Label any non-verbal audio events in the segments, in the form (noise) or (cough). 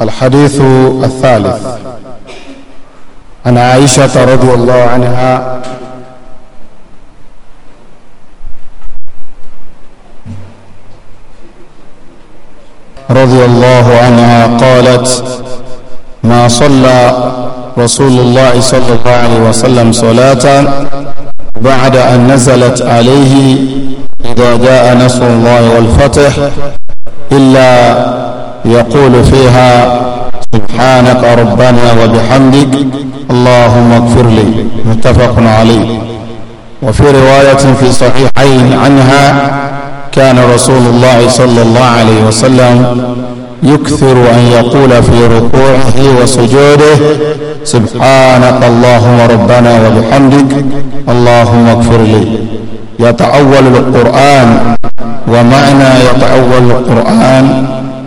الحديث الثالث عن عائشة رضي الله عنها رضي الله عنها قالت ما صلى رسول الله صلى الله عليه وسلم صلاة بعد أن نزلت عليه إذا جاء نصر الله والفتح إلا يقول فيها سبحانك ربنا وبحمدك اللهم اغفر لي متفق عليه وفي رواية في صحيحين عنها كان رسول الله صلى الله عليه وسلم يكثر أن يقول في ركوعه وسجوده سبحانك اللهم ربنا وبحمدك اللهم اغفر لي يتأول القرآن ومعنى يتأول القرآن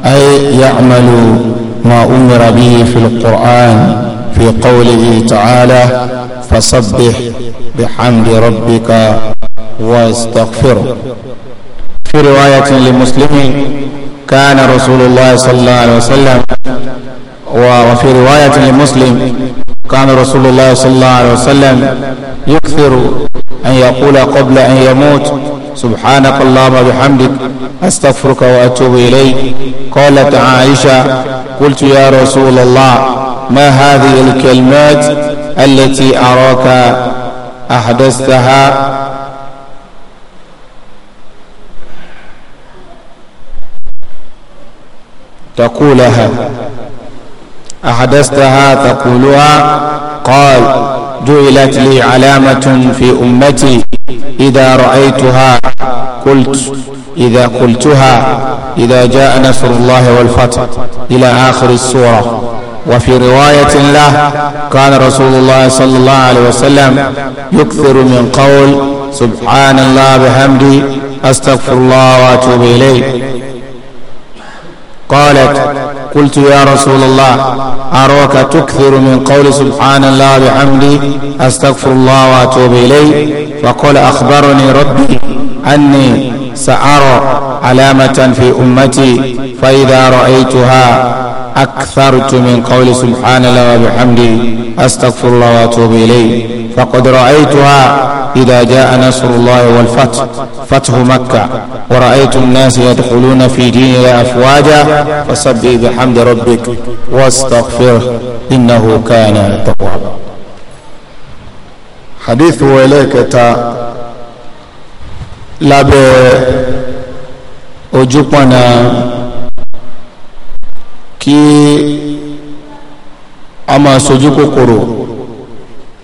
أي يعمل ما أمر به في القرآن في قوله تعالى فسبح بحمد ربك واستغفره في رواية لمسلم كان رسول الله صلى الله عليه وسلم وفي رواية لمسلم كان رسول الله صلى الله عليه وسلم يكثر أن يقول قبل أن يموت سبحانك اللهم وبحمدك أستغفرك وأتوب إليك قالت عائشة قلت يا رسول الله ما هذه الكلمات التي أراك أحدثتها تقولها أحدثتها تقولها قال جعلت لي علامة في أمتي إذا رأيتها قلت إذا قلتها إذا جاء نصر الله والفتح إلى آخر السورة وفي رواية له كان رسول الله صلى الله عليه وسلم يكثر من قول سبحان الله بحمدي أستغفر الله وأتوب إليه قالت قلت يا رسول الله أراك تكثر من قول سبحان الله بحمدي أستغفر الله وأتوب إليه فقال أخبرني ربي أني سأرى علامة في أمتي فإذا رأيتها أكثرت من قول سبحان الله وبحمده أستغفر الله وأتوب إليه فقد رأيتها إذا جاء نصر الله والفتح فتح مكة ورأيت الناس يدخلون في دينه أفواجا فسبح بحمد ربك واستغفره إنه كان توابا حديث إليك تا لاب أجبنا كي أما سجوك قرور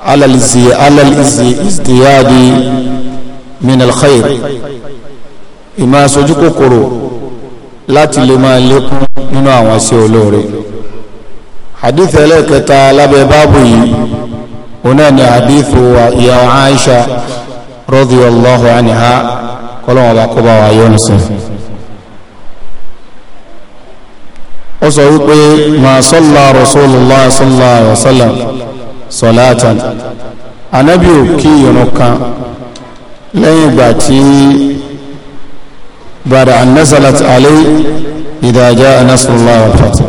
على على الازدياد من الخير ìmọ̀ aṣojú kòkòrò láti lè máa lékún nínú àwọn iṣẹ́ olóore hadith ẹlẹ́ẹ̀kẹta lábẹ́ báàbù yìí onáà ni hadith wa ìyá Aisha radiyallahu anha kọ́lọ́wọ́n bá kọ́ bá wa yọ́nu sí ó sọ wípé ma salla rasulullah sallallahu alaihi sọ̀láàtàn anábì ò kí irun kan lẹ́yìn ìgbà tí bàdà annasalat alẹ́ ìdájá anasarallah alfata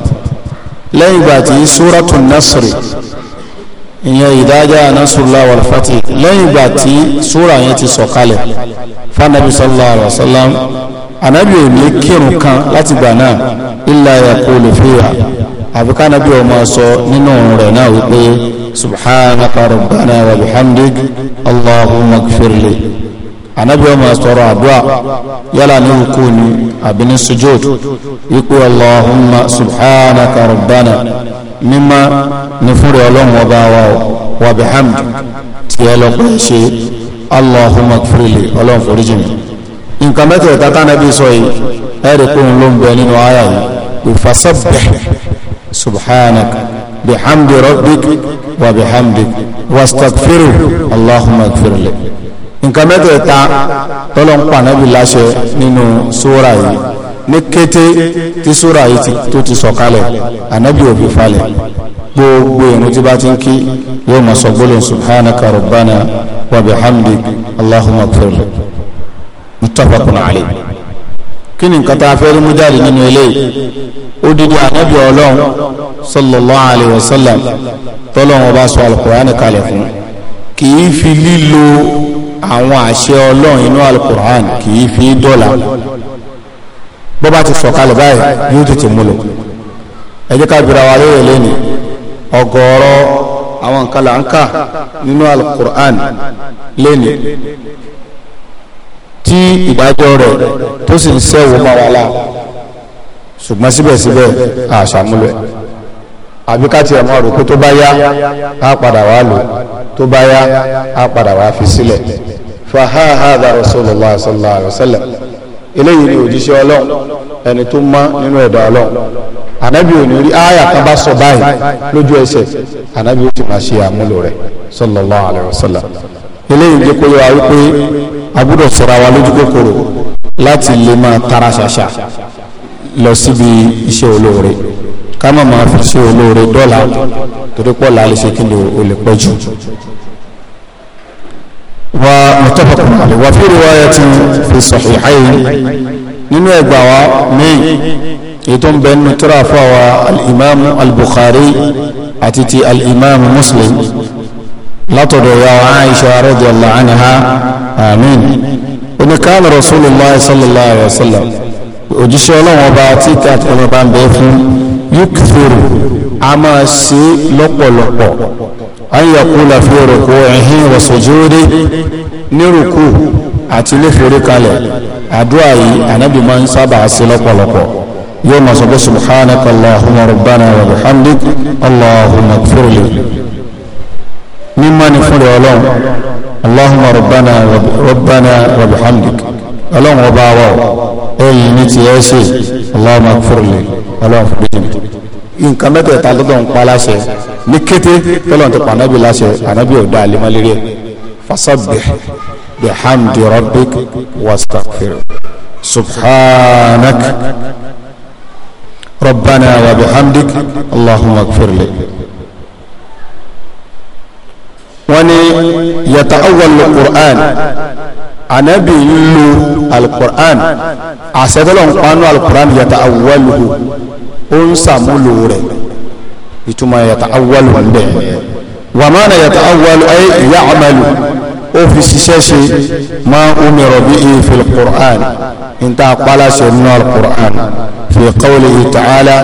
lẹ́yìn ìgbà tí súratun nasiri ìyẹn ìdájá anasarallah alfata lẹ́yìn ìgbà tí súra yẹn ti sọ̀kalẹ̀ fanabi sallallahu alaihi wa sallam anábì ò ní kírun kan láti gbà náà illa yaqulu fiha àbíkánábì ò máa sọ nínú ọ̀rọ̀ náà wípé subhanaka rabbana wa bihamdik allahumma gfirli anabi ọmọ sọ̀rọ̀ àdúrà yálà ní rukú ni àbí ní sujud ipò allahumma subhanaka rabbana mímá ní fúnrẹ ọlọ́run ọba wa wa bihamdik tí ẹ lọ pẹ́ ṣe allahumma gfirli ọlọ́run foríjì mi nǹkan mẹ́tẹ̀ẹ̀ta tánàbí sọ yìí ẹ̀rì kóhun ló ń bẹ nínú àyà yìí ìfàsọ́bẹ̀ subhanak bihamdi rabbik وبحمدك واستغفره اللهم اغفر لي nǹkan mẹ́tẹ̀ẹ̀ta tọ́lọ́ ń pa nábì láṣẹ nínú súra yìí ní kété tí súra yìí tó ti sọ̀kalẹ̀ ànábì òbí falẹ̀ gbogbo ìrun tí bá ti ń kí yóò máa sọ gbólóhùn subhanaka rabbana wa bihamdik allahumma ighfir muttafaqun alayh kí ni nǹkan tá a fẹ́ rí mú jáde nínú eléyìí ó dídí ànábì ọlọ́run sallallahu alayhi wa sallam tọ́lọ́run ọba sọ alukur'ani kalẹ̀ fún kì í fi lílo àwọn àṣẹ ọlọ́run inú alukur'ani kì í fi dọ́là bó bá ti sọ̀kalẹ̀ báyìí yóò tètè múlò ẹ jẹ́ wa lóye lẹ́nu ọgọ́rọ̀ àwọn nǹkan là ń kà lẹ́nu tí ìdájọ́ rẹ̀ tó sì ń sẹ́wọ̀n máa wà láà ṣùgbọ́n síbẹ̀síbẹ̀ àṣàmúlẹ̀ àbí ká tiẹ̀ máa rò pé tó bá yá á padà wá lò tó bá yá á padà wá fi sílẹ̀ fahahada rasulullah sallallahu alaihi wa sallam eléyìí ni òjíṣẹ́ ọlọ́run ẹni tó mọ́ nínú ẹ̀dá ọlọ́run ànábì ò ní rí ááyà kan bá sọ báyìí lójú ẹsẹ̀ ànábì ó sì máa ṣe àmúlò rẹ̀ sallallahu alaihi wa sallam eléyìí ń jẹ́ kó yẹ wípé a gbọ́dọ̀ sọ̀rọ̀ àwa lójú kòkòrò láti lè máa tara ṣàṣà lọ síbi iṣẹ́ olóore ká má máa fi ṣe olóore dọ́là torí pọ̀ là lè ṣe kí ni o lè pẹ́ jù. wa mutafakun alayhi wa fi riwayatin fi sahihayn nínú ẹgbàá wa míì ètò ń bẹ nínú tíra fún àwa alimami al àti ti alimami Muslim látọ̀dọ̀ ya wa Aisha radiyallahu anha àmín oníkàánù rasulullah sallallahu alayhi wa sallam òjíṣẹ́ ọlọ́wọ́n ọba tí káàtì ọmọ bá ń bẹ fún yukthuru a máa ṣe lọ́pọ̀lọpọ̀ an yaqula fi ruku'ihi wa sujudi ní rúkú àti nífèrè kalẹ̀ àdúrà yìí ànábì máa ń sábà ṣe lọ́pọ̀lọpọ̀ yóò máa sọ pé subhanaka mímọ́ ni fúnra ọlọ́run allahumma rabbana rabbana rabbihamdik ọlọ́run ọba wa ẹ̀yìn ní ti ẹ́ ṣe allahumma fúrúlẹ̀ ọlọ́run fún bíjìmì nǹkan mẹ́tẹ̀ẹ̀ta lọ́dọ̀ ń pa láṣẹ ní kété tọ́lọ́n ti pa ànábì láṣẹ ànábì ọ̀dà àlẹ́mọ́lérí ẹ̀ fasabbih bihamdi rabbik wastaghfir subhanak rabbana wa bihamdik allahumma fúrúlẹ̀ wọ́n ní yàtà awọ́lu qur'an anabi ń lo alukur'an àṣetọ́lọ̀ ń panu alukur'an yàtà awọ́lu ó ń sàmúlò rẹ̀ ìtumọ̀ yàtà awọ́lu ń bẹ̀ wàmánà yàtà awọ́lu ayé fi ṣiṣẹ́ ṣe máa ń omi rọ̀bì qur'an ń ta kpala ṣe nínú alukur'an fi qawlihi ta'ala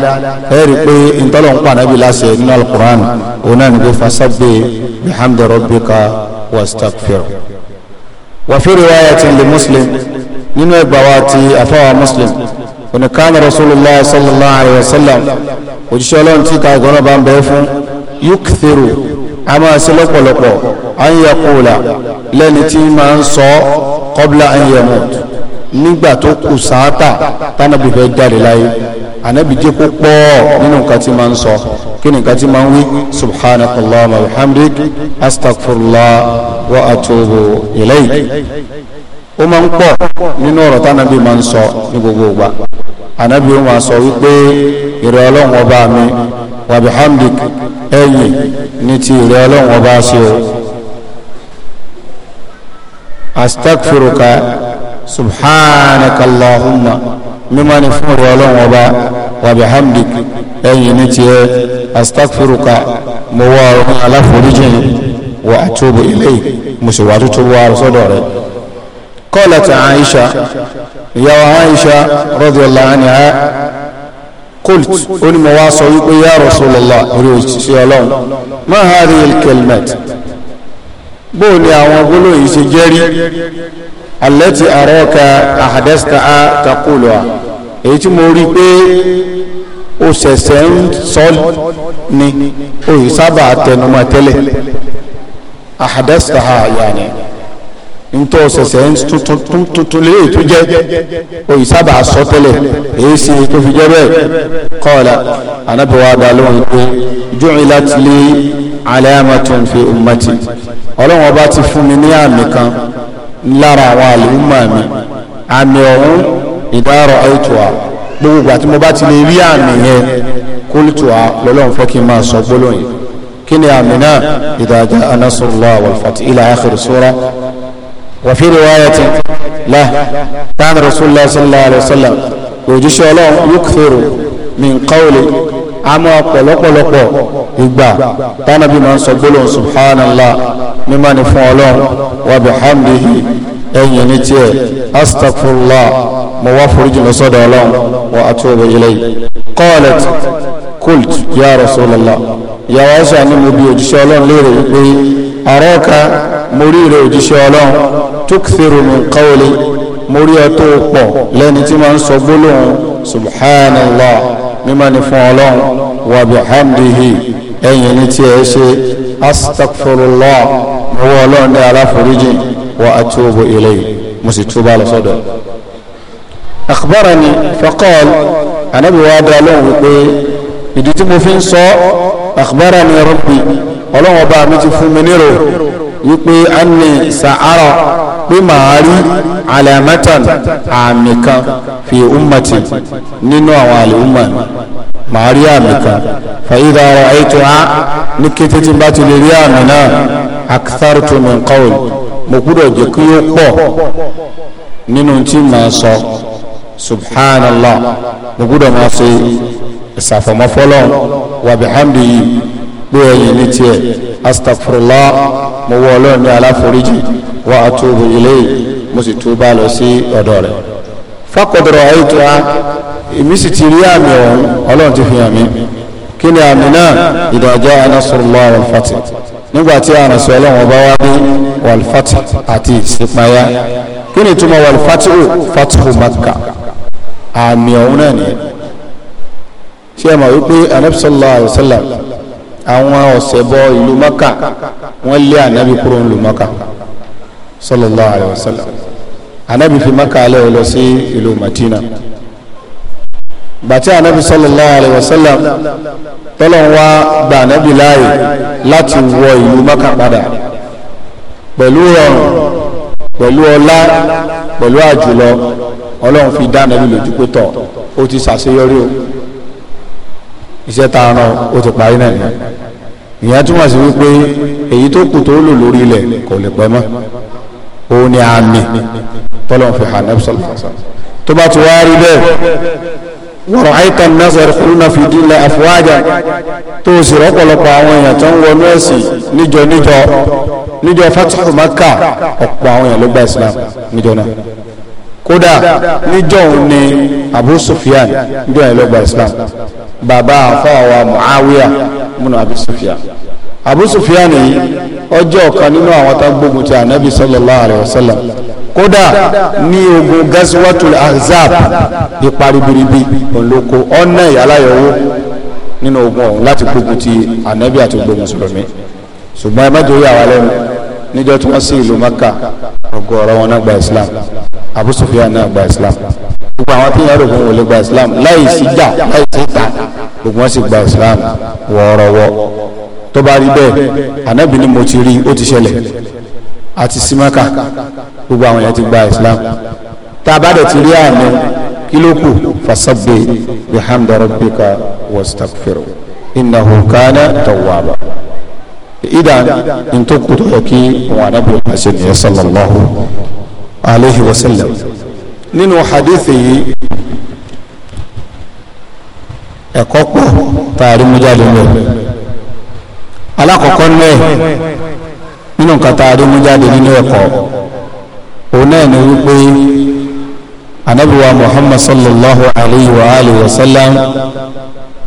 ẹ̀rí pé ntọ́lọ̀ ń pa ànábì láṣẹ nínú alukur'an òun náà ní pé fasabbih bihamdi rabbika wastaghfir. wa fi riwayatin li muslim nínú ẹgbà wa ti afáwa muslim òní kánà rasulullah sallallahu alayhi wa sallam òjíṣẹ́ ọlọ́run tí ká ìgbọ́nà bá ń bẹ fún yukthiru a máa ṣe lọ́pọ̀lọpọ̀ an yaqula lẹ́ni tí máa ń sọ qabla an yamut nígbà tó kù sáátà tánàbì fẹ́ jáde láyé ànábì jẹ́ kó pọ̀ nínú nǹkan tí máa ń sọ kí ni nǹkan tí máa ń wí subhanakallah wa hamdik astaghfirullah wa atubu ilayk ó máa ń pọ̀ nínú ọ̀rọ̀ tánàbì máa ń sọ ní gbogbo ìgbà ànábì ó máa sọ wípé ìrẹ̀ ọlọ́run ọba mi wa bihamdik ẹ̀yìn ní ti ìrẹ̀ ọlọ́run ọba ṣe o astaghfiruka subhanaka allahumma mímọ́ ni fún ọ̀rọ̀ ọlọ́run ọba wàbí hamdik ẹ̀yìn ní tiẹ̀ astaghfiruka mo wá ọ̀rọ̀ aláforíjìn wa atubu ilayk mo sì wà tútù wá sọ́dọ̀ rẹ̀ qalat Aisha ìyá wa Aisha radiyallahu anha قلت قل مواصل يا رسول الله رويت يا لون ما هذه الكلمات بوني àwọn gbólóhùn ṣe jẹ́rí alẹ́tì àrọ́ọ̀ka àhàdẹ́sítà á takùlù à èyí tí mo rí pé ó ṣẹ̀ṣẹ̀ ń sọ ni òyì sábà tẹnumọ́ tẹ́lẹ̀ àhàdẹ́sítà á yàní ntọ́ ṣẹ̀ṣẹ̀ ń tuntun lé ètò jẹ́ òyì sábà sọ tẹ́lẹ̀ èyí sì tó fi jẹ́ bẹ́ẹ̀ kọ́ọ̀lá anábìwá balùwọ̀n pé jùlọ tilé alẹ́ àmàtún fi ummati ọlọ́run ọba ti fún mi ní àmì kan lára àwọn àlùmọ̀ mi àmì ọ̀hún ìdárọ̀ àìtùwà gbogbo ìgbà tí mo bá ti lè rí àmì yẹn kólítùwà lọ́lọ́run fẹ́ kí n máa sọ gbólóyìn kí ni àmì náà ìdájá anásùnlọ́ wàlfàtí ilà àkìrì sura wàfí riwayati la tán rasulullah sallallahu alaihi wasallam òjíṣẹ́ ọlọ́run yóò kúrò min qawli àmọ́ pọ̀lọ́pọ̀lọpọ̀ ìgbà tánàbí máa ń sọ gbólóhùn subhanallah mímọ́ ni fún ọlọ́run wa bihamdihi ẹ̀yìn ní tiẹ̀ astaghfirullah mo wá foríjì lọ́sọ̀dọ̀ ọlọ́run wa atubu ilayhi qalat kult ya rasulallah yàrá ẹ̀ṣọ́ àní mo bí òjíṣẹ́ ọlọ́run léèrè wípé àrọ́ọ̀ka mo rí rẹ̀ òjíṣẹ́ ọlọ́run tukthiru min qawli ẹ tó pọ̀ lẹ́ni tí máa sọ gbólóhùn subhanallah mímọ́ ni fún ọlọ́run wà bí hamdihi ẹ̀yìn ní tí ẹ ṣe astagfirullah owó ọlọ́run ní aláforíjì wa atubu ilayhi mo sì túbà lọ sọ́dọ̀ akhbarani faqal anabi wa dá lóhùn wípé ìdí tí mo fi ń sọ akhbarani rabbi ọlọ́run ọba mi ti fún mi nírò wípé anni sa'ara pé màá rí alamatan àmì kan fi ummati nínú àwọn àlùmọ̀ màá rí àmì kan fàyídà ọ̀rọ̀ àìtò á ní kété tí n bá ti lè rí àmì náà akthartu min mo gbúdọ̀ jẹ́ kí ó pọ̀ nínú tí màá sọ subhanallah mo gbúdọ̀ máa fi ìsàfọ̀mọ́fọ́lọ́ wàbí hamdi gbé ẹ̀yìn ní tiẹ̀ astagfirullah mo wọ ọlọ́run ní aláforíjì wa atubu ilayhi mo sì túbà lọ sí ọ̀dọ̀ rẹ̀ fakọ̀dọ̀rọ̀ àìtura èmi sì ti rí àmì ọ̀hún ọlọ́run ti fi hàn mí kí ni àmì náà ìdájọ́ anásùrùlọ́ alfati nígbàtí àrùnsọ ọlọ́run bá wá ní walfati àti ìsìnpáyà kí ni túmọ̀ walfati ó fatihu makka àmì ọ̀hún náà nìyẹn ṣé ẹ mọ̀ wípé anabisalaam àwọn ọ̀sẹ̀bọ ìlú mọ́kà wọ́n lé ànábì kúrò ń lu mọ́kà sallallahu alayhi wa sallam ànábì fi mọ́kà alẹ́ lọ sí ìlú madina bàtí ànábì sallallahu alayhi wa sallam tọ́lọ̀ ń wá gba ànábì láàyè láti wọ ìlú mọ́kà padà pẹ̀lú ọrùn pẹ̀lú ọlá pẹ̀lú àjùlọ ọlọ́run fi dá ànábì lójú pé tọ̀ ó ti ṣàṣeyọrí o iṣẹ́ tá a ràn ó ti parí náà nìyẹn ìyẹn túmọ̀ sí wípé èyí tó kù tó lò lórí ilẹ̀ kò lè pẹ́ mọ́ òun ni àmì tọ́lọ́n fi hàn ẹ́bùsọ̀ lọ́sọ̀ tó bá ti wá rí bẹ́ẹ̀ wọ̀rọ̀ àìtàn náà sọ̀rọ̀ fún náà fi dín àfọwájà tó sì rọ́pọ̀lọpọ̀ àwọn èèyàn tó ń wọnú ẹ̀sìn níjọ níjọ níjọ fatihu ọ̀pọ̀ àwọn èèyàn ló gba islam níjọ náà kódà níjọ́ òun ni abu sufyan níjọ́ yẹn ló islam bàbá àfọwà muawiya múnà abu sufyan abu sufyan yìí ọjọ́ ọ̀kan nínú àwọn tá gbógun ti anabi sallallahu alayhi wa sallam kódà ní ogun gazwatul ahzab ìparí biribi olóko ọ̀nà ìyálàyẹ̀wò nínú ogun ọ̀hún láti gbógun ti anabi àti gbogbo mùsùlùmí ṣùgbọ́n ẹ má dòrí àwa lẹ́nu níjọ́ tí wọ́n sí ìlú maka ọgọ ọ̀rọ̀ wọn náà islam abu sufyan náà gba islam gbogbo àwọn tí yàrá ògùn wòlé gba islam láì sí dà láì sí ta gbogbo wọn sì gba islam wọ́ọ́rọ́wọ́ tó bá rí bẹ́ẹ̀ ànábì ni mo ti rí ó ti ṣẹlẹ̀ àti simaka gbogbo àwọn yẹn ti gba islam tá a bá dẹ̀ ti rí àmì kí ló kù fasabbih innahu kana tawaba idan ntòkù tó yẹ kí wọn anábìyẹ pàṣẹ nìyẹn sallallahu alayhi wa sallam nínú hadithi yìí ẹ̀kọ́ pọ̀ tààrí mú jáde mẹ alákọ̀ọ́kọ́ mẹ nínú nǹkan tààrí mú jáde nínú ẹ̀kọ́ òun náà wípé anabiwa muhammad sallallahu alayhi wa alihi wa sallam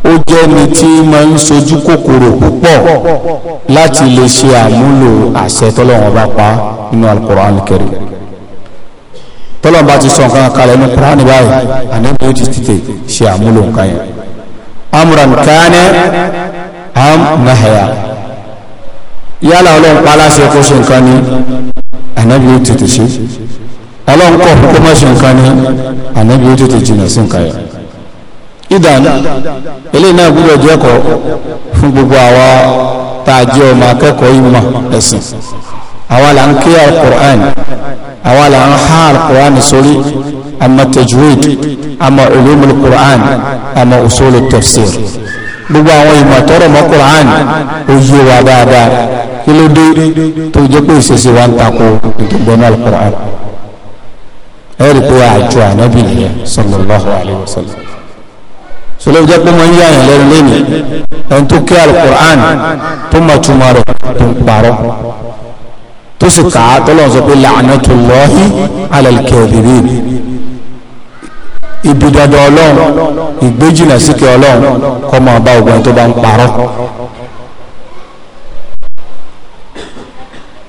ó jẹ́ ni tí máa ń sojú kòkòrò púpọ̀ láti lè ṣe àmúlò àṣẹ tọ́lọ́wọ́n bá pa nínú alukur'an kẹrì tọ́lọ́wọ́n bá ti sọ nǹkan kalẹ̀ ní kúránì báyìí ànábi ó ti tètè ṣe àmúlò nǹkan yẹn amúran kánẹ́ am nahaya yálà ọlọ́run pa aláṣẹ kó ṣe nǹkan ni ànábi ó tètè ṣe ọlọ́run kọ̀ kó má ṣe nǹkan ni ànábi ó tètè jìnnà sí nǹkan yẹn ìdáná eléyìí náà gbúdọ̀ jẹ́ ẹ̀kọ́ fún gbogbo àwa tá a jẹ́ ọmọ akẹ́kọ̀ọ́ ìmọ̀ ẹ̀sìn àwa là ń ké alukur'an àwa là ń há alukur'an sórí àmọ́ tajwid àmọ́ ulumul kur'an àmọ́ usulu tafsir gbogbo àwọn ìmọ̀ tọrọ mọ́ kur'an ó wa dáadáa kí ló dé tó jẹ́ pé ìṣesí wa ń takò ìdúgbọ́n alukur'an ẹ̀rí pé àjọ ànábì nìyẹn sallallahu wa sallam sọlá ìjẹ́ pé wọ́n ń yáyàn lẹ́nu lẹ́nu ẹni tó kí alukur'an tó mọ̀ túmọ̀ rẹ̀ tó ń parọ́ tó sì kà á tọ́lọ̀ sọ pé la'natullahi ala al-kadhibin ibi dandan ọlọ́run ìgbéjìnà síkẹ́ ọlọ́run kọ́ máa bá ogun tó bá ń parọ́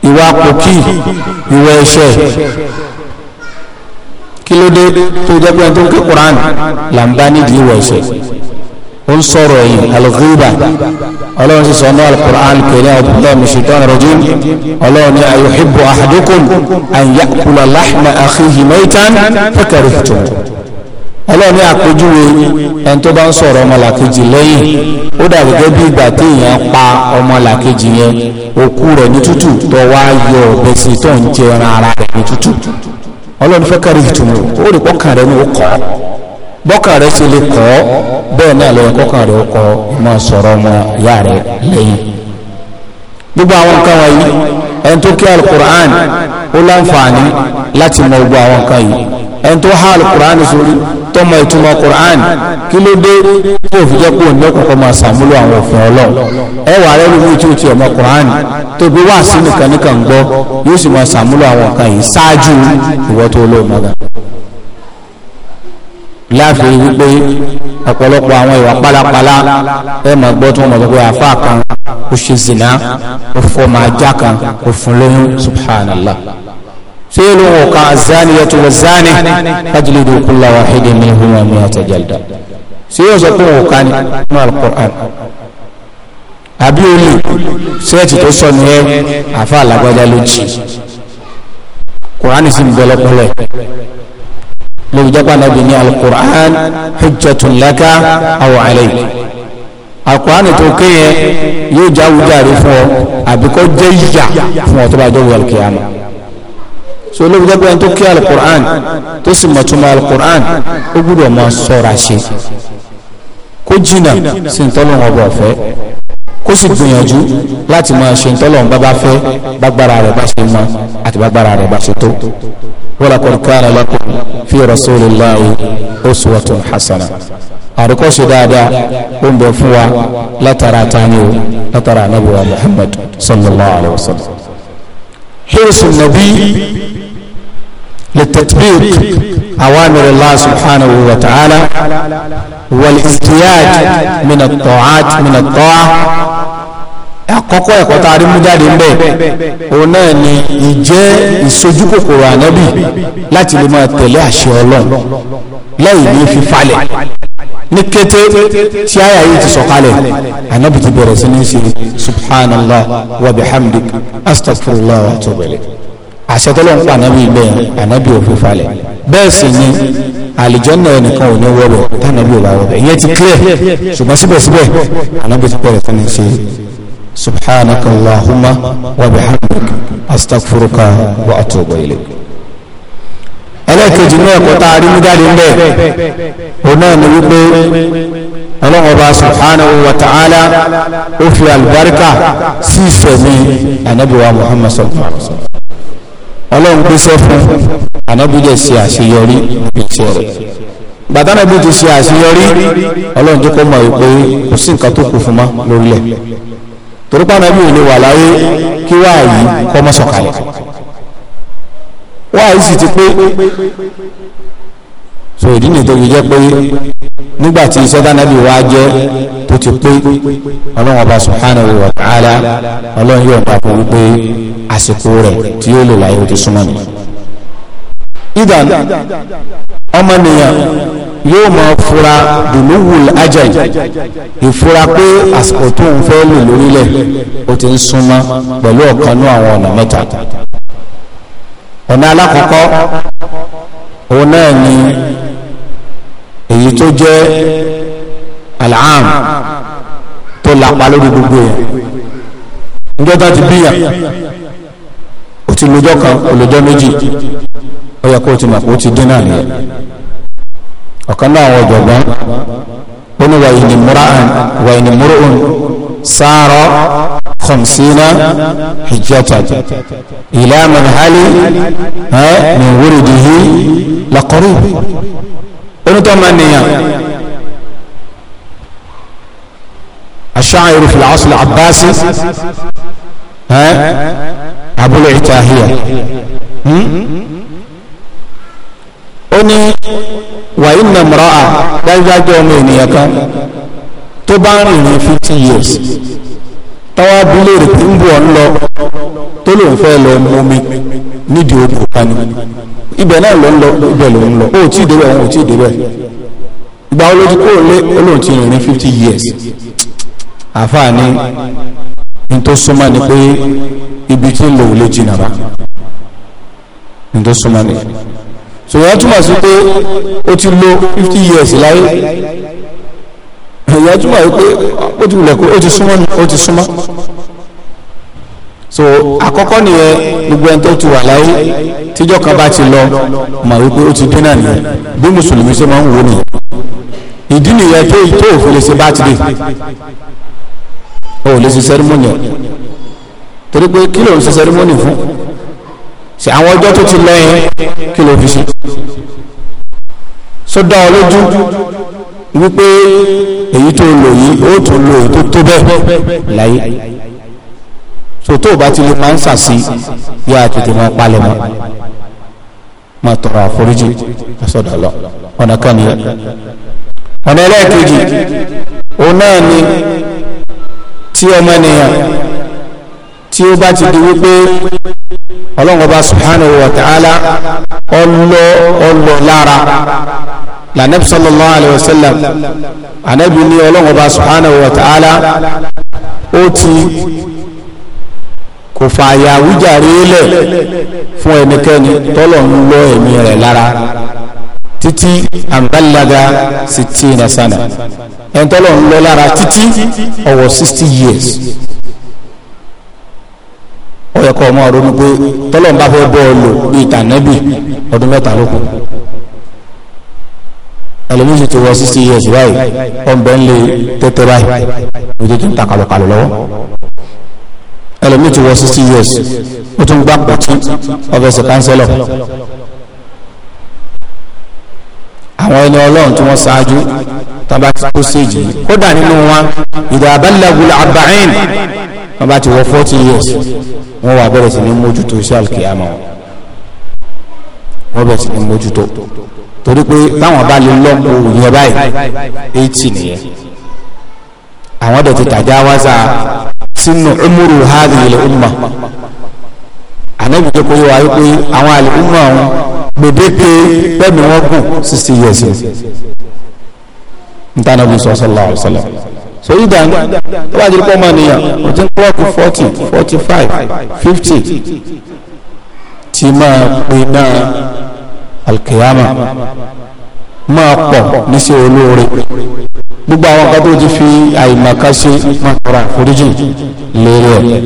ìwà pòkì ìwà ẹ̀ṣẹ̀ kí ló dé tó jẹ́ pé tó ń ké Quran là ń bá nídìí ìwọ̀ ẹ̀ṣẹ̀ ó ń sọ̀rọ̀ ẹ̀yìn al-ghiba ọlọ́run sì sọ ní al-Quran kẹlẹ́ ọ̀bùdó mishitán rajim ọlọ́run ní ayuhibbu ahadukum an yakula lahma akhihi maitan fakarihtum ọlọ́run ní àpèjúwe ẹni tó bá ń sọ̀rọ̀ ọmọlàkejì lẹ́yìn ó dà gẹ́gẹ́ bí ìgbà téèyàn pa ọmọlàkejì yẹn òkú rẹ̀ ní tútù tó wá yọ ọ̀bẹ sí tó ń jẹ ara rẹ̀ ní tútù ọlọ́run fẹ́ kárí ìtumọ̀ ó rí pọ́kàn rẹ ní o kọ́ bọ́kàn rẹ sì lè kọ́ bẹ́ẹ̀ náà lọ́yẹ kọ́kàn rẹ ó kọ́ mọ́ sọ̀rọ̀ ọmọ ìyá rẹ lẹ́yìn. gbogbo àwọn nǹkan wọ̀nyí ẹni tó kí alukur'an ó láǹfààní láti mọ gbogbo àwọn nǹkan yìí ẹni tó há alukur'an sórí tọmọ ìtumọ̀ Quran kí ló dé tó fi jẹ́ kó o ní ọkọ̀ọ̀kọ̀ máa ṣàmúlò àwọn òfin ọlọ́run ẹ wà rẹ lórí tí o ti ọmọ Quran tó bí wàá sí nìkan nìkan gbọ́ yóò sì máa ṣàmúlò àwọn kan yìí ṣáájú ìwọ tó lóò mọ́gà. láàfin wípé ọ̀pọ̀lọpọ̀ àwọn ìwà pálapàla ẹ máa gbọ́ tí wọ́n mọ̀ pé àáfàá kan ó ṣe zina ó fọ́ máa já kan ó fún lóyún subhanallah. فعله كالزانية والزاني فاجلدوا كل واحد منهما مئة جلدة سيوزقوا كان من القرآن àbí olè sẹ́ẹ̀tì tó sọ nìyẹn àfa àlàgbájá ló jì kùránì sì ń bẹ lọ́pọ̀lọ́ lórí jẹ́ pàdánù ní alukùrán hujjatun laka aw alayk alukùránì tó kéye yóò jẹ́ àwùjáre fún ọ àbíkọ́ jẹ́ yíyà fún ọ tó bá so olóbi dẹ́gbẹ́ ẹni tó kí alukur'an tó sì mọ̀ túmọ̀ alukur'an ó gbúdọ̀ máa sọ̀rọ̀ àṣẹ kó jìnnà sí ntọ́lọ́wọ́n ọba ọ̀fẹ́ kó sì gbìyànjú láti máa ṣe ntọ́lọ́wọ́n bá bá fẹ́ bágbára rẹ̀ bá ṣe mọ àti bágbára rẹ̀ bá ṣe tó walaqad kana lakum fi rasulillahi uswatun hasana àríkọ́ṣe dáadáa ó ń bẹ fún wa látara tani o látara anabiwa muhammad sallallahu alayhi wa sallam. hirsun nabi للتطبيق أوامر الله سبحانه وتعالى والاحتياج من الطاعات من الطاعة àkọ́kọ́ ẹ̀kọ́ tá a rí mú jáde ń bẹ òun náà ni ìjẹ́ ìsojúkòkòrò ànábì láti lè máa tẹ̀lé àṣẹ ọlọ́run lẹ́yìn ní fífalẹ̀ ní kété tí àyà yìí ti sọ̀kalẹ̀ ànábì ti bẹ̀rẹ̀ sí ní ṣe subhanallah wa bihamdik astaghfirullah wa atubu ilayh àṣẹ tó lọ́n pa ànábì bẹ́ẹ̀ ànábì ò fi falẹ̀ bẹ́ẹ̀ sì ni àlìjọ́nà ẹnìkan ò ní wọ́bẹ̀ tànábì ò bá wọ́bẹ̀ ìyẹn ti clear ṣùgbọ́n síbẹ̀síbẹ̀ ànábì ti bẹ̀rẹ̀ fún ṣe subhanaka allahumma wa bihamdika astaghfiruka wa atubu ilayk ẹlẹ́ẹ̀kejì náà ẹ̀kọ́ tá a rí mú jáde ń bẹ́ẹ̀ òun náà ni wípé ọlọ́run ọba subhanahu wa ta'ala ó fi àlùbáríkà sí ìfẹ̀mí ànábì wa muhammad sallallahu ọlọ́run pèsè fún ànábì lè ṣe àṣeyọrí pèsè rẹ̀ gbàdánà bí ti ṣe àṣeyọrí ọlọ́run tó kọ́ mọ̀ wípé kò sí nǹkan tó kù fún ma lórílẹ̀ torípa ànábì ò lè wà láyé kí wáá yìí kọ́ mọ́ sọ̀kalẹ̀ wáá yìí sì ti pé so ìdí nìtòkì jẹ́ pé nígbà tí iṣẹ́ dánábì wá jẹ́ ó ti pé ọlọ́run ọba subhanahu wa ta'ala ọlọ́run yóò dá fún wípé àsìkò rẹ̀ tí yóò lò láyé ó ti súnmọ́ ni. ìdá ọmọnìyàn yóò máa fura dùnúwùl ajal ìfura pé àsìkò tó ń fẹ́ lò lórílẹ̀ ó ti ń súnmọ́ pẹ̀lú ọ̀kanú àwọn ọ̀nà mẹ́ta ọ̀nà alákọ̀ọ́kọ́ òun náà ni èyí tó jẹ́ àlàám tó làpá lórí gbogbo yẹn níjọ́ tá ti bíyà ó ti lójọ́ kan olójọ́ méjì ó yẹ kó o ti mọ̀ kó o ti dín náà nìyẹn ọ̀kan náà àwọn ọ̀jọ̀gbọ́n ó ní wàyí ni múra'án wàyí ni múrùn sáárọ̀ khamsina hijjata ila manhali eh, min wuridihi laqarib onítọ́ máa nìyàn aṣááyẹrù fìlà ọ̀sùn àbáṣí abúlé ìtàhíyà ó ní wàyí nàmúra à dájúdájú ọmọ ènìyàn kan tó bá ń rìn ní fifty years táwa abúlé rẹ̀ ń bọ̀ ń lọ tó lòun fẹ́ lọ mú mi nídìí oko pani ibẹ̀ náà ló ń lọ ibẹ̀ ló ń lọ ó tí ì débẹ̀ ó tí ì débẹ̀ ìgbà olójú kúrò lé olóhùn ti rìn ní fifty years àfààní ní tó súnmọ́ ni pé ibi tí ń lò lè jìnnà bá ní tó súnmọ́ ni ṣùgbọ́n túmọ̀ sí pé ó ti lò fifty years láyé èyàn túmọ̀ sí pé ó ti wùlẹ̀ pé ó ti súnmọ́ ó ti súnmọ́ so àkọ́kọ́ nìyẹn gbogbo ẹni tó ti wà láyé tíjọ́ kan bá ti lọ mọ̀ wípé ó ti dínà nìyẹn bí mùsùlùmí ṣe máa ń wò nìyẹn ìdí nìyẹn tó òfin lè ṣe bá ti dé o ò lè ṣe sẹ́rímọ́nì torí pé kí ló ń ṣe sẹ́rímọ́nì fún ṣe àwọn ọjọ́ tó ti lẹ́yìn kí ló fi ṣe só dá ọ lójú wípé èyí tó lò yìí ó tún lò èyí tó tó bẹ́ẹ̀ láyé sòtó bá ti lè máa ń sàṣì yá tètè máa palẹ̀ mọ́ máa tọrọ àforíjì lọ́sọ̀dọ̀ lọ ọ̀nà kan nìyẹn ọ̀nà ẹlẹ́ẹ̀kejì òun náà ni tí ọmọnìyàn tí ó bá ti di wípé ọlọ́run ọba subhanahu wa ta'ala ọlọ ọlọ lára lànàbí sallallahu alayhi wa sallam ànábì ní ọlọ́run ọba subhanahu wa ta'ala ó ti kò fààyà wíjàre lẹ̀ fún ẹnikẹ́ni tọ́lọ̀ ń lọ ẹ̀mí rẹ̀ lára títí àgbàlagbà sixty na sana ẹ̀ńtọ́lọ̀ ń lọ lára títí sixty years ó yẹ kọ́ ọmọ ronú pé tọ́lọ̀ ń bá fẹ́ bọ́ọ̀lù bíi tànẹ́bì ọdún mẹ́ta ló kù ẹlòmíì wọ sixty years báyìí ọ̀nbẹ́ ń lè tẹ́tẹ́ báyìí ojú tó ń ta kàlùkàlù lọ́wọ́ ẹlòmíì ti wọ sixty years ó tún gbà pọ̀tún ọ̀fẹ́sẹ̀ kánsẹ́lọ̀ àwọn ẹni ọlọ́run tí wọ́n ṣáájú tabati kó séjì kódà nínú wọn ìdá abálẹ́gùn àbáyìn wọn bá ti wọ forty years wọn wà bẹ̀rẹ̀ sí ní mójútó iṣẹ́ àlùkìyàmà wọn wọn bẹ̀rẹ̀ sí ní mójútó torí pé táwọn bá lè lọ́pọ̀ yẹn báyìí eighty nìyẹn àwọn dẹ̀ ti tàjà wáṣà sínú umuru hadhihi al-umma ànábìjẹ́ wáyé pé àwọn al-umma wọn gbèdéke pẹ́ẹ́mì wọn kù sixty years ntana bí sọ sọlá ọsọlá so yìí dàn tó bá jẹ́ pé ọmọ nìyàn o ti ń kúrọ́ọ̀kù forty forty five fifty ti máa pè náà alkiyama máa pọ̀ níṣẹ́ olóore gbogbo àwọn kan tó ti fi àìmọ̀ká ṣe máa tọrọ àforíjì lérí ẹ̀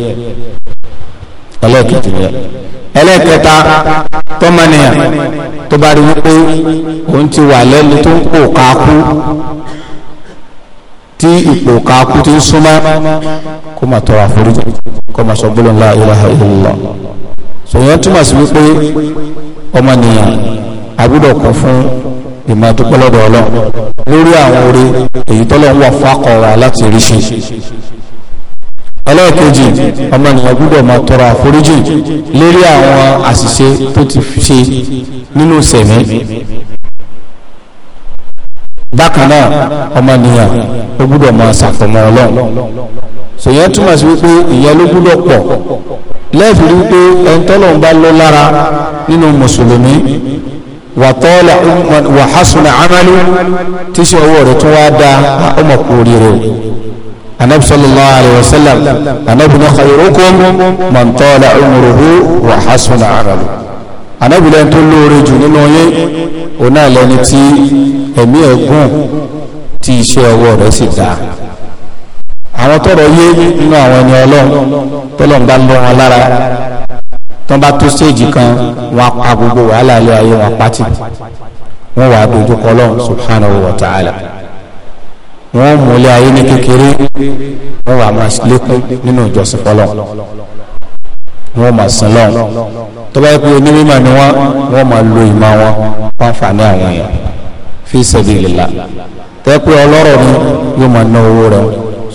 ẹlẹ́ẹ̀kejì rẹ̀ ẹlẹ́kẹta tọ́mọnìyàn tó bá rí wípé òun ti wà lẹ́nu tó ń pò káàkú tí ipò káàkú ti ń súnmọ́ kó máa tọrọ àforíjì kó máa sọ gbólóhùn la ilaha illallah sòyàn túmọ̀ sí wípé ọmọnìyàn àbúdọ̀ kún fún ìmọ̀ àdúpẹ́lọ́dọ̀ lórí àwọn orí èyí tọ́lọ́ ń wà fákọ̀ọ́ wa láti rí ṣe ẹlẹ́ẹ̀kejì ọmọnìyàn gbúdọ̀ máa tọrọ àforíjì lérí àwọn àṣìṣe tó ti ṣe nínú sẹ̀mí bákan náà ọmọnìyàn ó gbúdọ̀ máa ṣàfọ̀mọ́ ọlọ́run túmọ̀ sí wípé ìyẹn ló gbúdọ̀ pọ̀ lẹ́ẹ̀fì wípé ẹ̀ńtọ́lọ̀ ń bá lọ lára nínú mùsùlùmí wàhásùnà rẹ̀ tún wá ọmọkùnrin rẹ̀ anabi sallallahu alayhi wa sallam anabi ní khayrukum man tala umruhu wa hasuna amalu anabi lẹ́ni tó lóore jù nínú yín òun náà lẹ́ni tí ẹ̀mí ẹ̀ gùn tí iṣẹ́ ọwọ́ rẹ̀ sì dáa àwọn tọrọ yé nínú àwọn ẹni ọlọ́run tọ́lọ́run bá ń lọ wọn lára tọ́ bá tó stéèjì kan wọn pa gbogbo wàhálà ilé ayé wọn pátì wọn wà á dojú kọ lọ́run subhanahu wa ta'ala wọ́n múlẹ̀ ayé ní kékeré wọ́n wà máa lékún nínú ìjọsìn fọlọ́ wọ́n máa sin lọ́n tó bá yẹ pé onímọ̀ ni wọ́n wọ́n máa lo ìmọ̀ wọn fáfàní àwọn èèyàn fi sabilillah tẹ́ pé ọlọ́rọ̀ ni yóò máa ná owó rẹ̀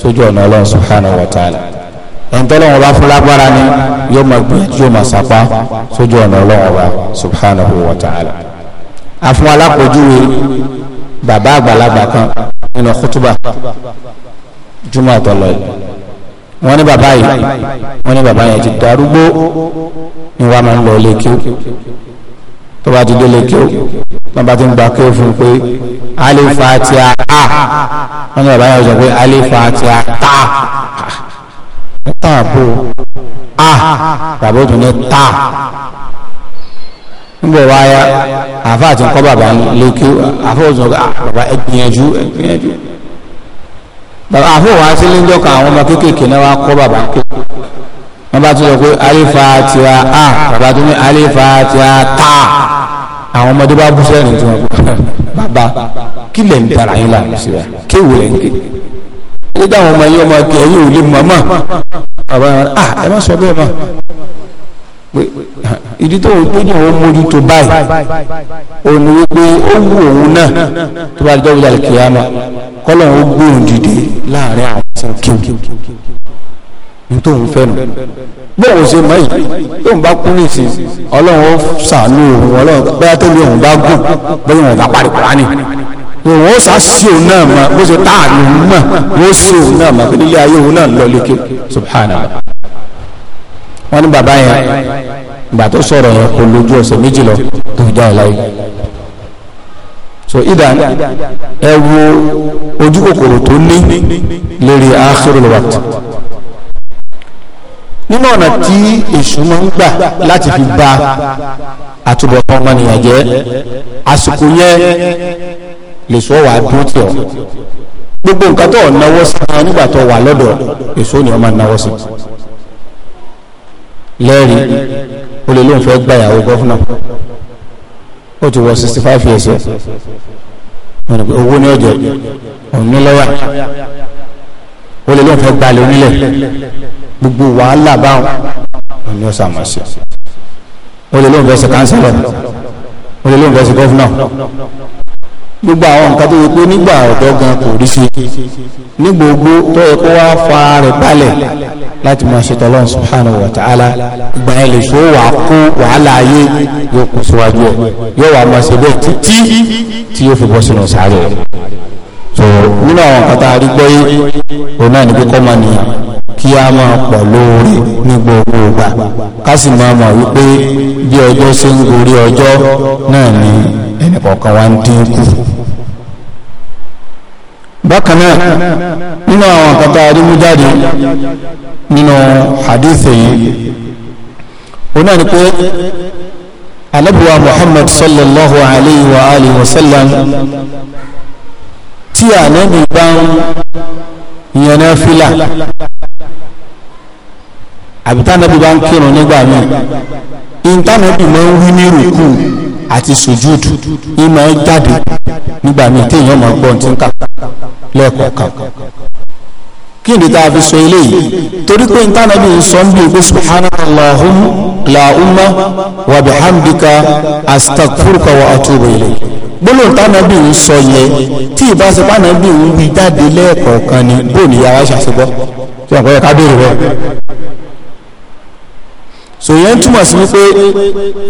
sójú ọ̀nà ọlọ́run subhanahu wa ta'ala ẹ̀ńtọ́lọ́wọ́n bá fún ni yóò máa gbìyànjú yóò máa sapá sójú ọ̀nà ọlọ́run ọba subhanahu wa ta'ala àfún alákòójúwe bàbá àgbàlagbà kan nínú kútúbà júmọ̀ àtọ̀lọ́ yìí wọ́n ní bàbá yìí wọ́n ní bàbá yẹn ti darúgbó ni wọ́n máa ń lọ ilé kí tó bá ti délé kí wọ́n bá ti ń gba kí ó fún un pé alifa ti a ah, ta wọ́n ní bàbá yẹn sọ pé alifa ti a ta ta bò a ah, bàbá òtún ní ta níbẹ̀ wá yá àfa àti nǹkan bàbá lékè àfa òsùn ọ̀gá bàbá ẹ gbìyànjú ẹ gbìyànjú bàbá àfa òwà sí lẹ́jọ́ kan àwọn ọmọ kéékèèké náà wá kọ́ bàbá ń ké wọ́n bá tún sọ pé alifa ti a a ah, bàbá tún ní alifa ti a ta àwọn ọmọdé bá bú sẹ́yìn tí wọ́n (laughs) bàbá kí lè ń dara yín lànà síbẹ̀ kéwò lè ń ké nígbà àwọn ọmọ yìí ọmọ kẹ́yìn ò lè mọ̀ mọ́ bàbá ah ẹ má sọ bẹ́ẹ̀ mọ́ pé ìdí tó ń pè ní òun mójú tó báyìí òun ni wípé ó wù òun náà tó bá jọ́ ìjà kìíyàmá kọ́lọ̀ ó gbóhùn dìde láàrin àwọn ọ̀sán kíkì ní tó ń fẹ́ nù bóun ṣe mọ́ yìí tóun bá kú nìsín ọlọ́run ó sàánú òun ọlọ́run bóyá tẹ́lẹ̀ òun bá gùn bóyá òun bá parí kúránì òun ó sá sí òun náà mọ́ bó ṣe táàlù mọ́ ó sí òun náà mọ́ pé nílé ayé òun náà lọ lékè subhanallah wọ́n ní bàbá yẹn ìgbà tó sọ̀rọ̀ yẹn kò lójú ọ̀sẹ̀ méjì lọ tó fi jáde láyé so ìdá ẹ wo ojú kòkòrò tó ní lérí akhirul waqt nínú ọ̀nà tí èṣù máa ń gbà láti fi ba àtúbọ̀tán ọmọnìyàn jẹ́ àsìkò yẹn lè sọ wà dúró tì ọ́ gbogbo nǹkan tó náwó sí wọn nígbà tó wà lọ́dọ̀ èso ni wọ́n máa náwó sí i lẹ́rìí ó lè lóun fẹ́ gbàyàwó gọ́fúnà ó ti wọ sixty five years yẹn owó ní ọjọ́ onílọ́wà ó lè lóun fẹ́ gbalẹ̀ onílẹ̀ gbogbo wàhálà báwọn òní ọ̀sà mọ̀ sí ó lè lóun fẹ́ ṣe kánsẹ́lọ̀ ó lè lóun fẹ́ ṣe gọ́fúnà gbogbo àwọn nǹkan tó yẹ pé nígbà ọ̀dọ́ gan kò rí sí ní gbogbo tó yẹ kó wá fa rẹ̀ balẹ̀ láti máa ṣètò ọlọ́run subhanahu wa ta'ala ìgbà yẹn lè ṣó wàá kó wàhálà ayé yóò kó síwájú ẹ̀ yóò wàá máa ṣe bẹ́ẹ̀ títí tí yóò fi bọ́ sínú sáré rẹ̀ so nínú àwọn nǹkan tá a rí gbọ́yé òun náà ní pé kọ́ máa nìyàn kí a máa pọ̀ lóore ní gbogbo ìgbà ká sì máa mọ̀ wípé bí ọjọ́ ṣe ń gorí ọjọ́ náà ni ẹnì kọ̀ọ̀kan wa ń dín kù. bákan náà nínú àwọn nǹkan tá jáde nínú hadith yìí òun náà ní pé alábùwà Muhammad sallallahu alayhi wa alihi wa sallam. tí ànábì bá ń yan náfìlà àbí tánábì bá ń kírun nígbà míì ìntànábì máa ń wí ní rùkù àti sùjúdù ìmọ̀ jáde nígbà míì téèyàn kí ni tá a fi sọ eléyìí torí pé ntànàbí nsọ́nbí ìgbé subhanallahum la'umma wa bihamdika astaghfiruka wa atubu ilayk gbólóhùn tánàbí nsọ yẹn tí ìbáṣepọ̀ ànábì ń wí jáde lẹ́ẹ̀kọ̀ọ̀kan ni bóòlù yàrá ṣàṣebọ́ tí wọ́n kọ́ yẹ ká béèrè rẹ̀ sòyẹn túmọ̀ sí wípé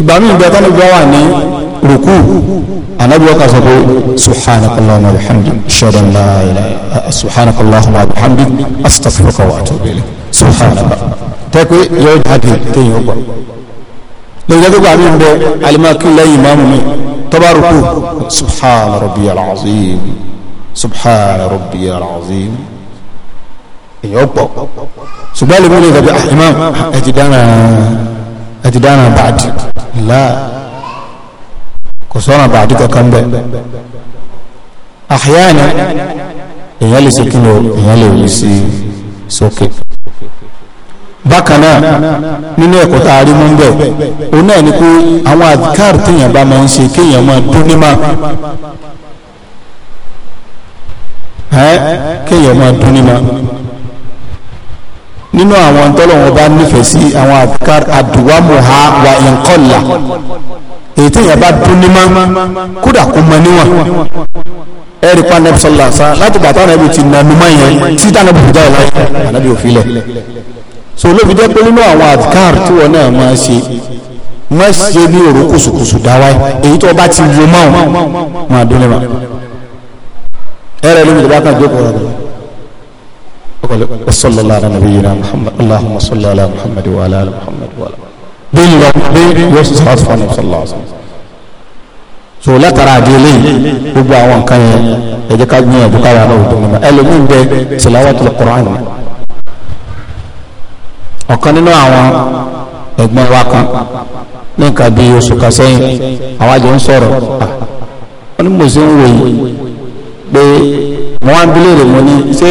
ìgbà mi ìgbà tánà ìgbà wà ní rùkú anabi wọ́n sọ pé subhanakallahumma wa bihamdik ashhadu an la ilaha subhanakallahumma wa bihamdik astaghfiruka wa atubu ilayk subhanaka tẹ́kọ̀ yóò jáde téèyàn gbọ́. lórí jẹ́ gbogbo àmì bẹ alimaki lẹ́yìn ìmáàmù mi tọ́ba rùkú subhana rabbiyal azim subhana èèyàn gbọ́ ṣùgbọ́n lè mú lè dàbí imam ẹ ti dára ẹ ti dára bàdì ńlá kò sọ́nà bàdì kankan bẹ́ẹ̀ àhíyáni èèyàn lè ṣe kí ni èèyàn lè wí sí sókè bákan náà nínú ẹ̀kọ́ tá a rí mú bẹ́ẹ̀ òun náà ni pé àwọn àdìkáàrì téèyàn bá máa ń ṣe kéèyàn máa dún ní máa kéèyàn máa dún ní nínú àwọn tọ́lọ́wọ́n bá nífẹ̀ẹ́ sí àwọn àfikàr àdùwámùhá wa ìǹkọ́là èyí tí èèyàn bá dún ní mọ́ kódà kó mọ níwọ̀n ẹ̀rí pa nẹ́bí sọ́lá sá láti gbà táwọn ẹbí ti nà numọ́ yẹn tí táwọn ẹbí bùdá ìlà ànábì òfin so ló fi jẹ́ pé nínú àwọn àfikàr tí wọ́n náà máa ṣe má ṣe ní òru kùsùkùsù dáwà èyí tó bá ti wo máa máa dún ní ẹ̀rẹ́ ló ń gbà kan jókòó rẹ̀ وصلى الله على نبينا محمد اللهم صل على محمد وعلى ال محمد وعلى بالله يوسف صلى الله عليه وسلم so látara àdéhùlé gbogbo àwọn nǹkan yẹn ẹ jẹ́ ká gbìyànjú kára náà òdùn nímọ ẹlòmíín bẹ tilawatul Qur'an ọ̀kan nínú àwọn ẹ̀gbọ́n wa kan ní nǹkan bíi oṣù kan sẹ́yìn àwọn àjọ ń sọ̀rọ̀ wọn ni mo ṣe ń wòye pé mo wá ń bilé rè mo ní ṣé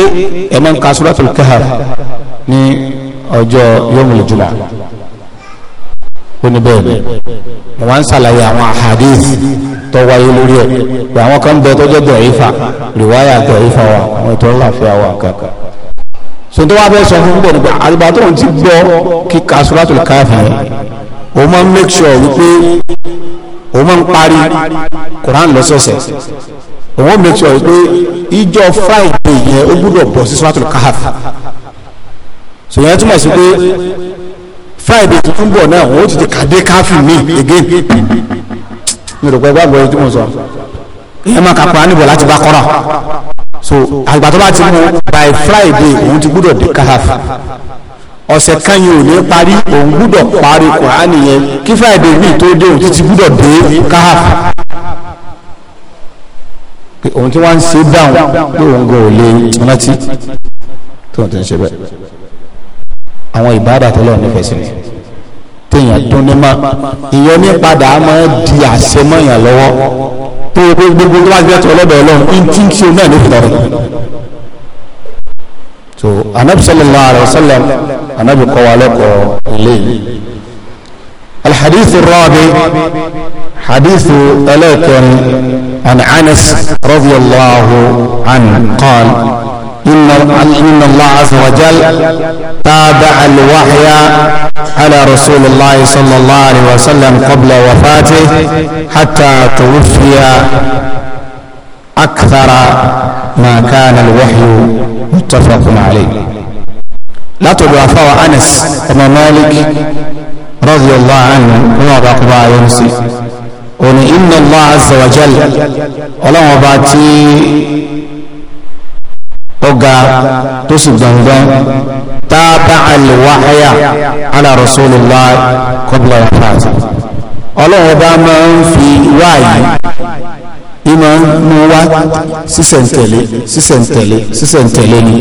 ẹ máa ń ka suratul kahf ní ọjọ́ yomul juma ó ní bẹ́ẹ̀ ni mo wá ń ṣàlàyé àwọn ahadith tó wáyé lórí ẹ̀ pé àwọn kan bẹ tó jẹ́ dọ̀ífà rìwáyà dọ̀ífà wa àwọn ètò ńláfíà wa kankan sọtò wa bẹ sọ fún bẹ́ẹ̀ nípa àgbà tó ń ti gbọ́ kíka suratul kahf yẹn o máa ń make sure wípé o máa ń parí Quran lọ́sọ̀ọ̀sẹ̀ òun make sure pé ìjọ friday yẹn ó gbúdọ̀ bọ̀ sí suratul kahf sòyìn túmọ̀ sí pé friday tó ń bọ̀ náà òun ó ti di kàdé káfí mi again mi rò pé ẹgbẹ́ àgbọ̀yé tí mo sọ ìyẹn máa ka Kùránì bọ̀ láti Bákọ́rà so àgbà tó bá ti mú by friday òun ti gbúdọ̀ dé kahf ọ̀sẹ̀ kan yìí ò ní parí òun gbúdọ̀ parí Kùránì yẹn kí friday mi tó dé òun ti ti gbúdọ̀ dé kahf pé òun tí wọ́n ń ṣe dáhùn pé òun gan ò lè rántí tí wọ́n ti ń ṣe bẹ́ẹ̀ àwọn ìbáàdà tẹ́lẹ̀ nífẹ̀ẹ́ sí ni téèyàn tó ní mọ́ ìyẹn ní padà á máa di àṣemọ́yàn lọ́wọ́ tó o pé gbogbo tó bá jẹ́ tó ọlọ́dọ̀ ọlọ́run ní tí ń o náà ló fi tọrọ. tó anabi sallallahu alayhi wa sallam anabi kọ́ wa lẹ́kọ̀ọ́ léyìí. الحديث الرابع حديث ألاكم عن عنس رضي الله عنه قال إن, الله عز وجل تابع الوحي على رسول الله صلى الله عليه وسلم قبل وفاته حتى توفي أكثر ما كان الوحي متفق عليه لا تبعفوا أنس مالك رضي الله عنه وما بقضاء ينسي òní inna Allah azza wa jal ọlọ́run ọba tí ó ga tó sì gbọ̀ngbọ̀n tábà alwahya ala rasulillah qabla wafati ọlọ́run ọba máa ń fi wáyé ìmọ̀ mú wá sísẹ̀ntẹ̀lé sísẹ̀ntẹ̀lé sísẹ̀ntẹ̀lé ni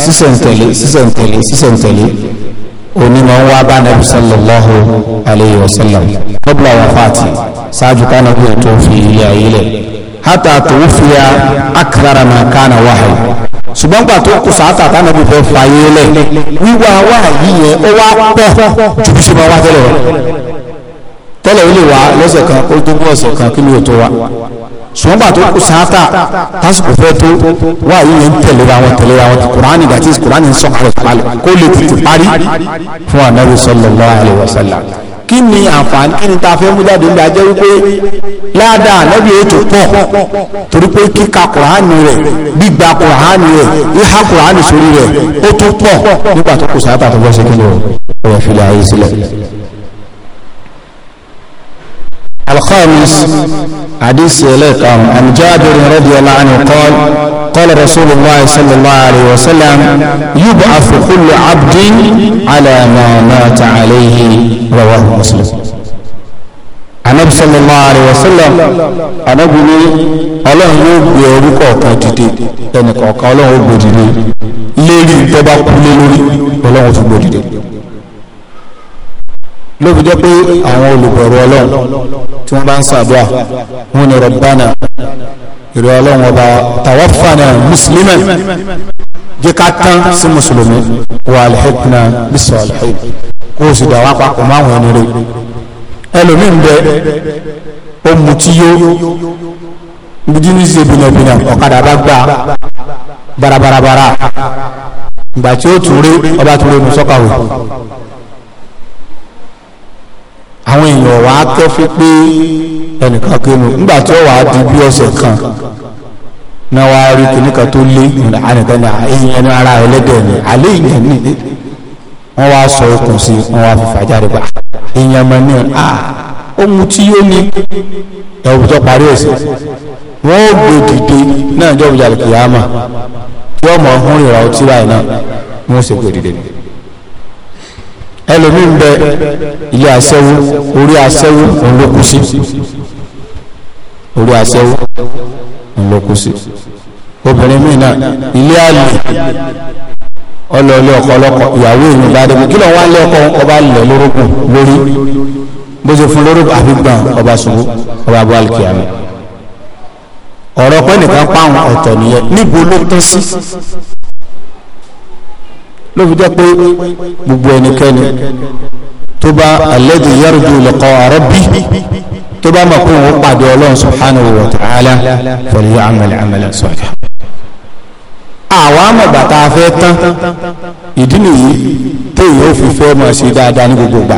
sísẹ̀ntẹ̀lé sísẹ̀ntẹ̀lé sísẹ̀ntẹ̀lé òní máa ń wá bá nàbí sallallahu alayhi wa sallam qabla wafati ṣáájú ká nàbí ètò fi ilé ayé lẹ̀ hátà tó ń fi akthara ma kana wahyi ṣùgbọ́n gbà tó kù sáátà tá nàbí fẹ́ fà yé lẹ̀ wíwá wáyé yẹn ó wá pọ̀ ju bí ṣe máa wá tẹ́lẹ̀ rẹ̀ tẹ́lẹ̀ ó lè wá lọ́sẹ̀ kan ó dúró ọ̀sẹ̀ kan kí ni ò tó wá sọgbà tó kù sáátà tásìkò fẹ́ tó wà yìí yẹn tẹ̀léra wọn tẹ̀léra wọn ti kùránì gàtí kùránì ń sọ̀kalẹ̀ palẹ̀ kó lè tètè parí fún anabi sallallahu alaihi wasallam kí ni àǹfààní kí ni ta fẹ́ mú jáde ní ajẹ́ wípé ládàá ànábì ètò pọ̀ torí pé kíka kùránì rẹ̀ gbígba kùránì rẹ̀ ìhà kùránì sórí rẹ̀ ó tún pọ̀ nígbà tó kù sáátà tó bọ́ sí kí حديث إليك عن جابر رضي الله عنه قال قال رسول الله صلى الله عليه وسلم يبعث كل عبد على ما مات عليه رواه مسلم anabi sallallahu alayhi wa sallam anabi ni ọlọ́run yóò gbé ẹrú kọ̀ọ̀kan dìde ẹnì kọ̀ọ̀kan ọlọ́run ó gbòdìde lérí tó bá kú lé lórí ọlọ́run ó tún gbòdìde. ló fi jẹ́ pé àwọn olùbẹ̀rù ọlọ́run tí wọ́n bá ń sàdúrà wọn ni rọ̀bánà ìrọ̀ ọlọ́run ọba tàwáfànà mùsùlùmí jẹ́ ká tán sí mùsùlùmí wà alhikna bisọ alhik kó o sì dà wá papọ̀ mọ́ àwọn ẹni bẹ bìnàbìnà ọ̀kadà bá gbà barabarabara ó àwọn èèyàn wàá kẹ́fí pé ẹnìkan kínú nígbà tí ó di bí ọ̀sẹ̀ kan náà wàá rí kíní tó lé ànìkan ní ẹni ara ala ni àlẹ́ ìyẹn wọ́n wá sọ okùn sí wọ́n wá fi gbà ní à ohun tí yóò ní ẹ̀wù tó parí wọ́n ó gbé dìde náà tí ọmọ ìrà ọtí báyìí náà wọ́n ó sì gbé ẹlòmíín bẹ ilé aṣẹ́wó orí aṣẹ́wó òun ló kú sí orí aṣẹ́wó òun ló kú sí obìnrin míì náà ilé àlè ọlọ́ọ̀lẹ́ ọ̀kọ́lọ́kọ́ ìyàwó èèyàn bá dé kí lọ́wọ́ alẹ́ ọkọ ọba lẹ̀ lórógùn lórí bó ṣe fún lórógùn àbígbọ̀n ọba ṣubú ọba bọ́ àlùkìyàmù ọ̀rọ̀ pẹ́ nìkan páwọn ọ̀tọ̀ nìyẹn níbo ló tán sí ló fi jẹ́ pé gbogbo ẹnikẹ́ni tó bá alladhi yarju liqa'a rabbi tó bá mọ̀ pé òun pàdé ọlọ́run subhanahu wa ta'ala falya'mal 'amalan salihan. àwa àmọ̀gbà tá a fẹ́ tán ìdí nìyí téèyàn ò fi fẹ́ máa ṣe dáadáa ní gbogbo gbà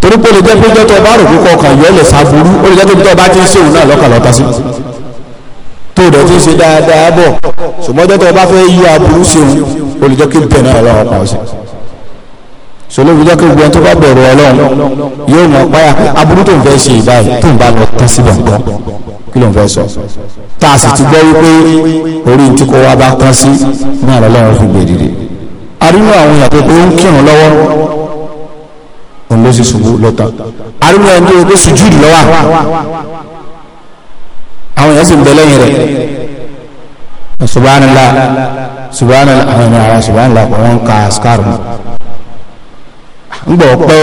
torí pé olùjẹ́ pé jẹ́ tó o bá rò kókó ọkàn yọ lè ṣàbùrú tó o dẹ̀ ti ṣe dáadáa bọ̀ ṣùgbọ́n jẹ́ tó o bá fẹ́ yí aburú ṣe òun olùjẹ́ kí n tẹ̀ náà ọlọ́run kan sí sọlọ́wọ́ jẹ́ kí gbogbo ẹni tó bá bẹ̀rù ọlọ́run yóò mọ̀ páyà aburú tó ń fẹ́ ṣe ìbáyìí tó ń bá lọ tán síbẹ̀ nǹkan kí ló ń fẹ́ sọ tá a sì ti gbọ́ wípé orí tí kò wá bá tán sí náà lọ́lọ́run fi gbé dìde arínú àwọn èèyàn tó pé ó ń kírun lọ́wọ́ òun ló sì ṣubú lọ́tà arínú ẹni tó pé sùjúdì lọ́wọ́ àwọn subahana àwọn ènìyàn ara subahana làkọ̀ wọ́n ń ka askar mu ń gbọ́ pẹ́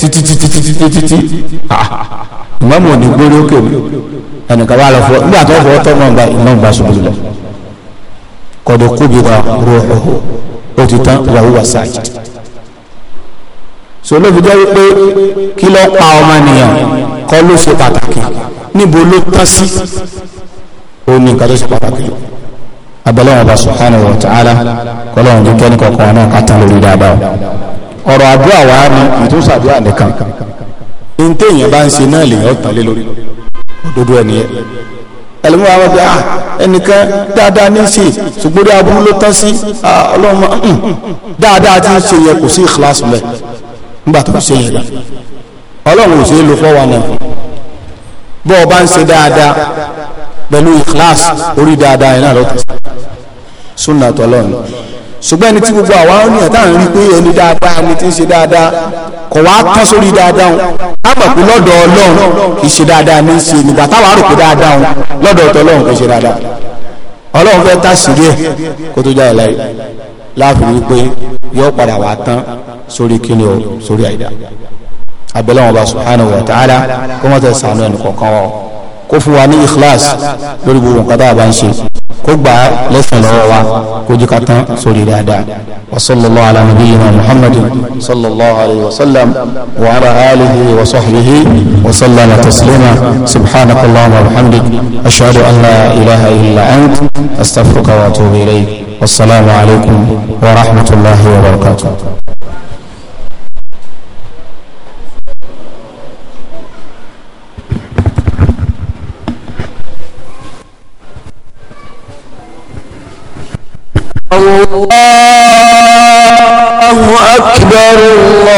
títí títí títí títí ìmọ̀mù ò ní gbórí òkè mi ẹnìkan bá lọ fọ nígbà tó fọ ọtọ́ náà gba ìmọ̀mù bá ṣubú lọ kọ̀dọ̀ kóbi wa rọ ọ̀hún ó ti tán wàhùwà sáàjì so ló fi jẹ́ wípé kí ló pa ọmọnìyàn kọ́ ló ṣe pàtàkì níbo ló tán sí ó ní nǹkan tó ṣe pàtàkì lọ abẹ́lẹ́wọ̀n bá subhanahu wa ta'ala kọ́lọ́wọ̀n ní kẹ́ni kọ̀ọ̀kan náà kátà lórí dáadáa ọ̀rọ̀ àdúrà wà á ní ìtúnṣàdúrà nìkan ní téèyàn bá ń ṣe náà lè yọ tàlé lórí òdodo ẹni yẹ ẹlẹmú wa wọgbẹ ah ẹnìkan dáadáa ní í ṣe ṣùgbọ́n dáa ló tán sí ah, ọlọ́mọ mm, mm, dáadáa ti ń ṣe yẹ kò sí ìkíláàsì mẹ nígbà tó ṣe yẹ ọlọ́run ò ṣe é lo fọ́ náà bọ́ bá ń ṣe dáadáa pẹ̀lú ikhlas orí dáadáa iná lọ́kùn súnà tọ́lọ́nù ṣùgbọ́n ẹni tí gbogbo àwa ọ̀nìyàn tá à ń rí pé ẹni dáadáa ẹni tí ń ṣe dáadáa kò wá kán sórí dáadáa wọn á mọ̀ pé lọ́dọ̀ ọlọ́run kì í ṣe dáadáa ní í ṣe nígbà táwa rò dáadáa wọn lọ́dọ̀ ọ̀tọ̀ kì í ṣe dáadáa ọlọ́run fẹ́ tàṣírí ẹ̀ kó tó jáde láyé láàfin wípé yóò padà wá tán sórí kíni o sórí àìdá abẹ́lẹ́ wọn bá subhanahu wa ta'ala kó mọ́tẹ́ sànú ẹnì kọ̀ọ̀kan wọn kó fún wa ní ikhlas lórí gbogbo nǹkan tá a bá ń ṣe kó gbà á lẹ́sìn lọ́wọ́ wa kó jí ká tán sórí dáadáa wa sallallahu ala nabiyyina muhammadin sallallahu alayhi wa sallam wa ala alihi wa sahbihi wa sallama taslima subhanaka allahumma wa bihamdik ashhadu an la ilaha illa ant astaghfiruka wa atubu ilayk wassalamu alaykum wa rahmatullahi wa barakatuh الله أكبر الله